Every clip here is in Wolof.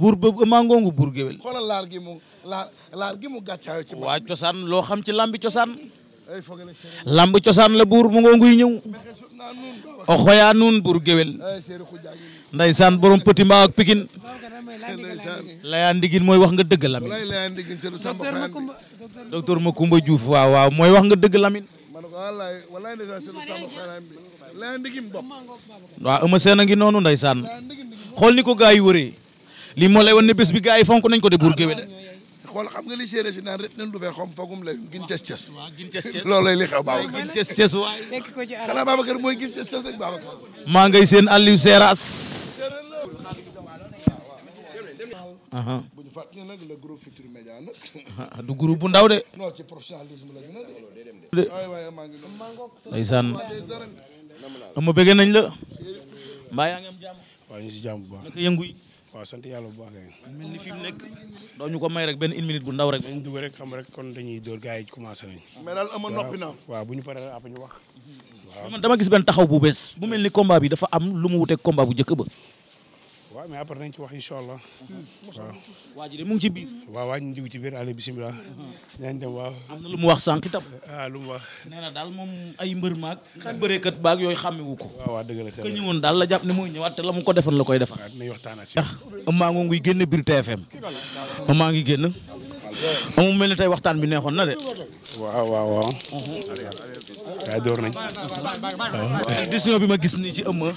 buur ba maa bur buur géwél xoolal laal gi mu laal laal waa cosaan loo xam ci lambi cosaan lamb cosaan la buur mu ngoonguy ñëw o xoyaa nuun buur géwél ndaysaan borom petit mbaa ak pikin layaa ndigin mooy wax nga dëgg lamin docteur Macoumba Diouf waaw waaw mooy wax nga dëgg lamin waaw ëma seen xool ni ko gaa wëree lii moo lay wan ne bés bi gars yi fonk nañ ko de buur géwél ah, xool xam nga li séeréer si naan ret nañ lu fee xom fagum lay gin ces ces loolay li xew Babacar gin ces ces maa ngay seen Aliou Seras bu ñu fàttali nag le groupe Futur Média nag du groupe bu ndaw de non ci professionnalisme la ñu ne de waay maa ngi ndeysaan ama bëgg nañ la mbaa yaa ngi am jàmm waa ñu si jàmm bu baax naka yëngu waaw sant yàlla bu baax kay. mel ni fi mu nekk doo ñu ko may rek benn une minute bu ndaw rek. dañ dugg rek xam rek kon dañuy dóor gaa yi commencé nañ. mais daal ama noppi na waaw bu ñu paree après ñu wax. waaw man dama gis benn taxaw bu bees bu mel ni combat bi dafa am lu mu wutee combat bu njëkk ba. waaw mais après nañ ci wax incha allah. waaw waa ji de mu ngi ci biir. waaw waa ñu ngi ci biir allez bisimilah. ñaan dem waaw. am mu wax sànq itam. Ah, lu mu wax. na daal moom ay mbër maag. xam bëreekat baag yooyu xàmmewu ko. waaw waaw dëgg la c'est vrai que ñëwoon daal la jàpp ne mooy ñëwaat te la mu ko defal la koy defal. waaw dinañ waxtaan ak si. ndax maa ngi génn biir TFM. maa ngi génn. amu mel ni tey waxtaan bi neexoon na de. waaw waaw waaw. waaye door nañ. décision bi ma gis nii ci ëmb.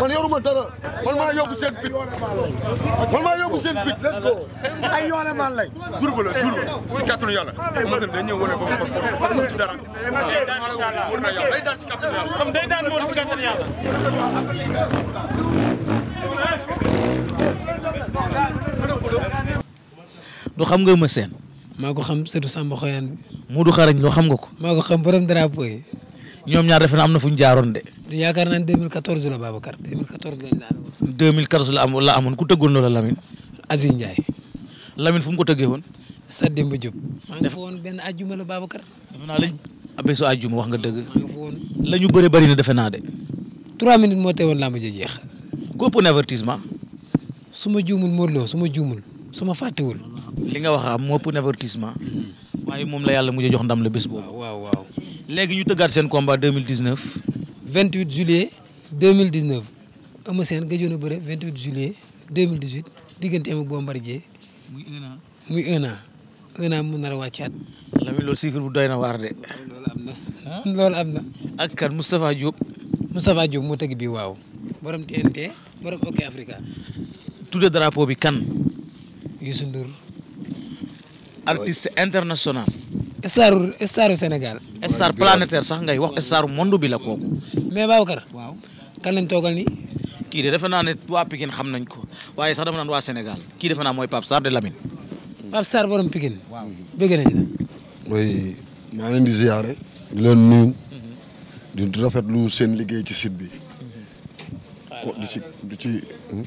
man yoruma dara man maa yóbbu seen fit man maa yóbbu seen fit ay yoole maan lañ du xam nga ma seen maa ko xam Seydou Samba Xoyaan Modou Xarañ loo xam nga ko maa ko xam borom drapeau yi ñoom ñaar defe am na fu ñu jaaroon de yaakaar naa ne 2014 la Babacar 2014 lañ la amoon. 2014 la amoon la amoon ku tëggoon loola Lamine. Aziz Ndiaye. Lamine fu mu ko tëggee woon. Stade Demba Diop. maa ngi fa woon benn àjjuma la Babacar. defe naa lañ abeesu àjjuma wax nga dëgg. maa ngi fa la ñu bëree bëri na defe naa de. 3 minutes moo te teewoon làmb ji jeex. ku ëppoon avertissement. su ma jumul Modou Lo su ma juumul su ma fàttewul. li nga wax am moo ëppoon avertissement. Mm-hmm. waaye moom la yàlla mujj jox ndam la bés boobu. waaw waaw léegi ñu tëggaat seen combat 2019. 28 juillet 2019 Eumeu Sène gëjoon na bëre 28 juillet 2018 digganteem ak Bombardier. muy un an muy un an un an mu nar a wàccaat. Lamine loolu chiffre bu doy na waar de. loolu am ah. am na. ak kan Moustapha Diop. Moustapha Diop moo tëgg bi waaw. borom TNT borom OK Africa. tudde drapeau bi kan. Youssou Ndour. international. star senegal Sénégal. star planétaire sax ngay wax staru monde bi kooku. mais Babacar. waaw kan lañ toogal nii. kii de defe naa ne waa Pikine xam nañ ko waaye sax dama naan waa Sénégal kii defe naa mooy Pape Sarr de Lamine. Pape Sarr borom Pikine. waaw bëgg nañ la. mooy maa leen di ziare. di leen nuyu. Mhm. di rafetlu seen liggéey ci site bi. Mhm. du ci di ci hmm,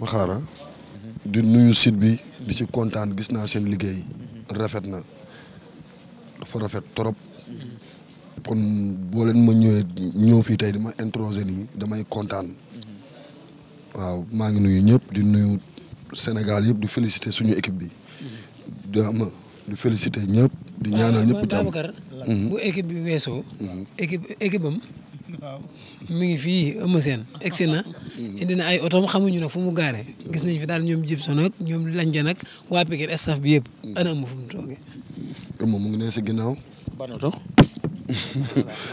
ma ah. mhm. nuyu site bi. di ci kontaan gis naa seen liggéey. rafet na dafa rafet trop. kon boo ma ñëwee ñëw fii tey dama introsé nii damay kontaan waaw maa ngi nuyu ñëpp di nuyu Sénégal yëpp di féliciter suñu équipe bi. dama di féliciter ñëpp. di ah, ñaanal ñëpp jàmm mhm. bu équipe bi weesoo. Mhm. équipe équipe ngi fii ëmm seen egsi na mhm. indi na ay otoom xamuñu ne fu mu gaare gis nañ fi daal ñoom Jibson ak ñoom Lanja nag waa Pikine staff bi yëpp ana ëmm fu mu toogee. ëmm mu ngi nee si ginnaaw. ban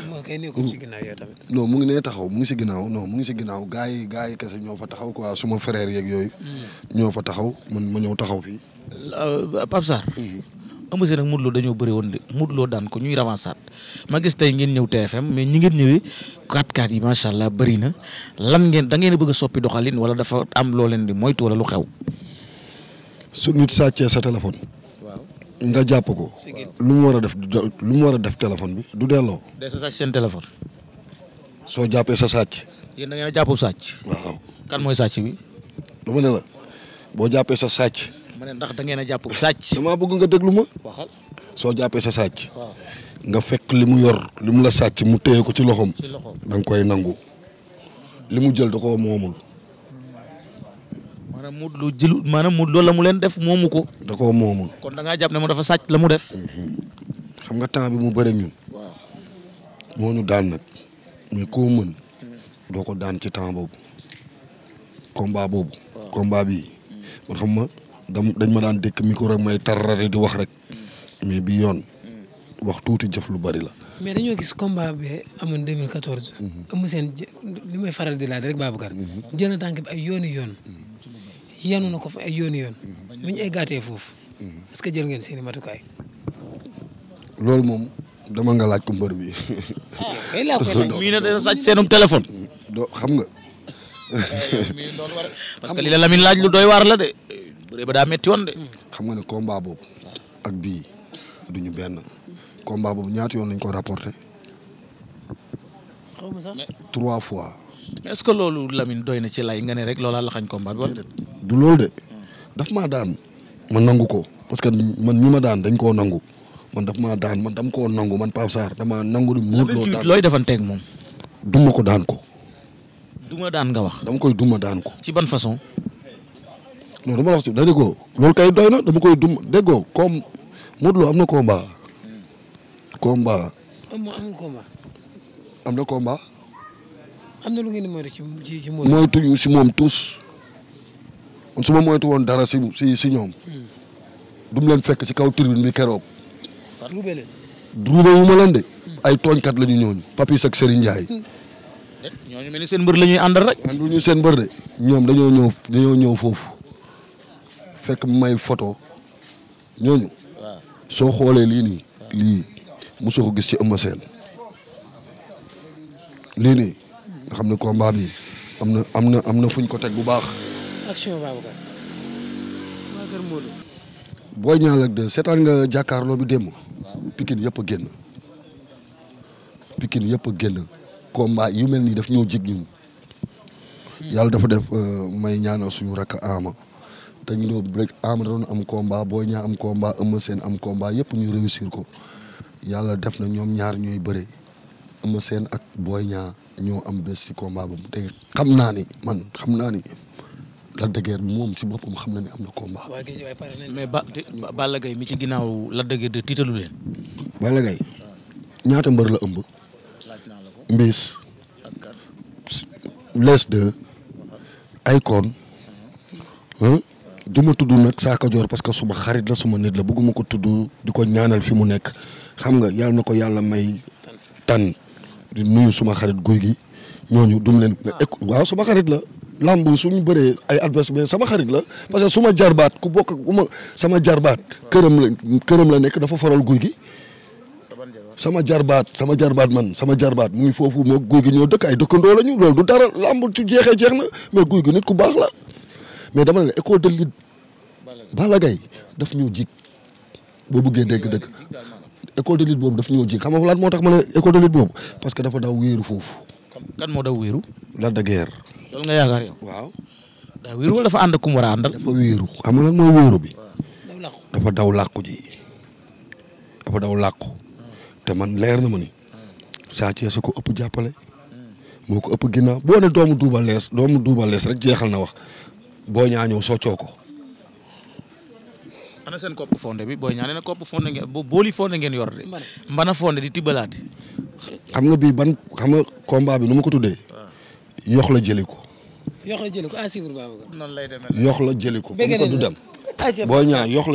moo koy nekkum ci ginnaaw yow tamit. non mu ngi nee taxaw mu ngi si ginnaaw non mu ngi si ginnaaw gars yi gars yi kese ñoo fa taxaw quoi suma frère yeeg yooyu. Hmm. ñoo fa taxaw man ma ñëw taxaw fii. Euh, Pape Sarr. Hmm. Eumeu Sène ak Modou Lô dañoo bëri woon de Modou Lô daan ko ñuy ravansaat ma gis tey ngeen ñëw TFM mais ñi ngeen ñëwee 4-4 yi macha allah bëri na lan ngeen da ngeen a bëgg soppi doxalin wala dafa am loo leen di moytu wala lu xew. su nit sàccee sa téléphone. nga jàpp ko. lu mu war a def lu mu war a def téléphone bi du delloo. day sa seen téléphone. soo jàppee sa sàcc. yéen da ngeen sàcc. kan mooy sàcc bi. dama ne la boo jàppee sa sàcc. ma ne ndax da ngeen a jàpp sàcc. damaa bëgg nga déglu ma. waxal soo jàppee sa sàcc. waaw nga fekk li mu yor li mu la sàcc mu téye ko ci loxoom. ci loxoom koy nangu. li mu jël da ko moomul. maanaam Modou Lo maanaam Modou Lo mu leen def moomu ko. da koo moomul. kon da ngaa jàpp ne mu dafa sàcc la mu def. Mm-hmm. xam nga temps bi mu bëri ñun. waaw ñu daan nag mais koo mën. Mm-hmm. doo ko daan ci temps boobu. combat boobu. combat bii. Mm-hmm. man xam ma dañ ma daan dëkk micro rek may tarare di wax rek. mais bi yoon. wax tuuti jëf lu bari la. mais dañoo gis combat bi amoon 2014. amu seen li may faral di laaj rek Babacar. jël na tànk bi ay yooni yoon. yenu ko fa ay yooni yoon mm-hmm. bu ñu eggaatee foofu mm-hmm. est-ce que jël ngeen seen i matukaay loolu moom dama nga laaj ko mbër bi kay eh, laa koy laaj mii na dana seenum téléphone doo xam nga parce que li la Lamine laaj lu doy waar la de bëree ba daa metti woon de xam nga ne combat boobu ak bii duñu benn komba boobu ñaata yoon nañ ko rapporté xaw ma sax trois fois loolu Lamine doy na ci lay nga rek loola laxañ combat bi du loolu de daf ma daan ma nangu ko parce que man ñi ma daan dañ koo nangu man daf ma daan man dam koo nangu man Pape Sarr damaa nangu di muur loo daan looy defanteeg moom duma ko daan ko duma daan nga wax dama koy duma daan ko ci ban façon non dama wax si da déggoo loolu kay doy na dama koy duma déggoo comme Modou Lo am na combat combat am na combat am na lu ngeen di moytu ci ci si moom tous. kon su ma moytu woon dara si si si ñoom. Hmm. du mu leen fekk si kaw tribune bi keroog. ruube leen. ruube wu ma leen de. Hmm. ay tooñkat la ñu ñooñu. Papis ak Serigne Ndiaye. Hmm. ñooñu mel ni seen mbër lañuy ñuy àndal rek. àndul ñu seen mbër de. ñoom dañoo ñëw dañoo ñëw foofu fekk may photo ñooñu. soo xoolee lii nii. lii mosoo ko gis ci Eumeu Sène lii nii nga xam ne combat yi am na am na am na fuñ ko teg bu baax. action Babacar. waa kër seetaan nga jàkkaarloo bi démb. Pikine yëpp a génn. Pikine yëpp a génn. combat yu mel nii daf ñoo jig ñun. yàlla dafa def euh, may ñaanal suñu rakk Ama. te ñu doon bëgg Ama am combat Boy Niang am combat Eumeu Sène am combat yëpp ñu réussir ko. yàlla def na ñoom ñaar ñuy bëre Eumeu Sène ak Boy Niang ñoo am bés ci combat boobu te xam naa ni man xam naa ni. Lac de Guiers moom si boppam xam na ne am na combat. mais ba Balla Gaye ci ginnaaw Lac de Guiers de ñaata mbër la ëmb. Mbiis. les deux. Akon. du ma tudd nag Sakka Dior parce que suma xarit la suma nit la bëgguma ko tudd di ko ñaanal fi mu nekk xam nga yàlla na ko yàlla may tan di nuyu suma xarit guy gi ñooñu dum leen. Ah. waaw suma xarit la. lamb suñu bëree ay adversaire mais sama xarit la parce que su ma jarbaat ku bokk ku sama jarbaat këram la këram la nekk dafa faral guy gi sama jarbaat sama jarbaat man sama jarbaat mu ngi foofu moo guy gi ñoo dëkk ay dëkkandoo la ñu loolu du dara lamb ci jeexee jeex na mais guy gi nit ku baax la mais dama ne école de lutte Balla Gaye daf ñoo jig boo bëggee dégg-dëgg école de lutte boobu daf ñoo jig xam nga lan moo tax ma ne école de lutte boobu parce que dafa daw wéeru foofu. kan moo daw wéeru. la de loolu nga yaakaar waaw. daa wéeru wala dafa ànd ak war a àndal. dafa wéeru xam nga lan mooy bi. dafa daw làqu ji. dafa daw làqu. te man leer na ma ni. Sa Thiès ko ëpp jàppale. moo ko ëpp ginnaaw boo ne doomu duuba lees doomu duubal lees rek jeexal na wax boo ñaa ñëw soccoo ko. seen kopp fonde bi booy ñaa ne kopp fonde ngeen booli fonde ngeen yor de. mbana fonde di tibbalaati. xam na bii ban xam nga combat bi nu ma ko tuddee. Ah. yox la jëli ko. yox la jëli ko à ah, suivre Babacar. noonu lay demee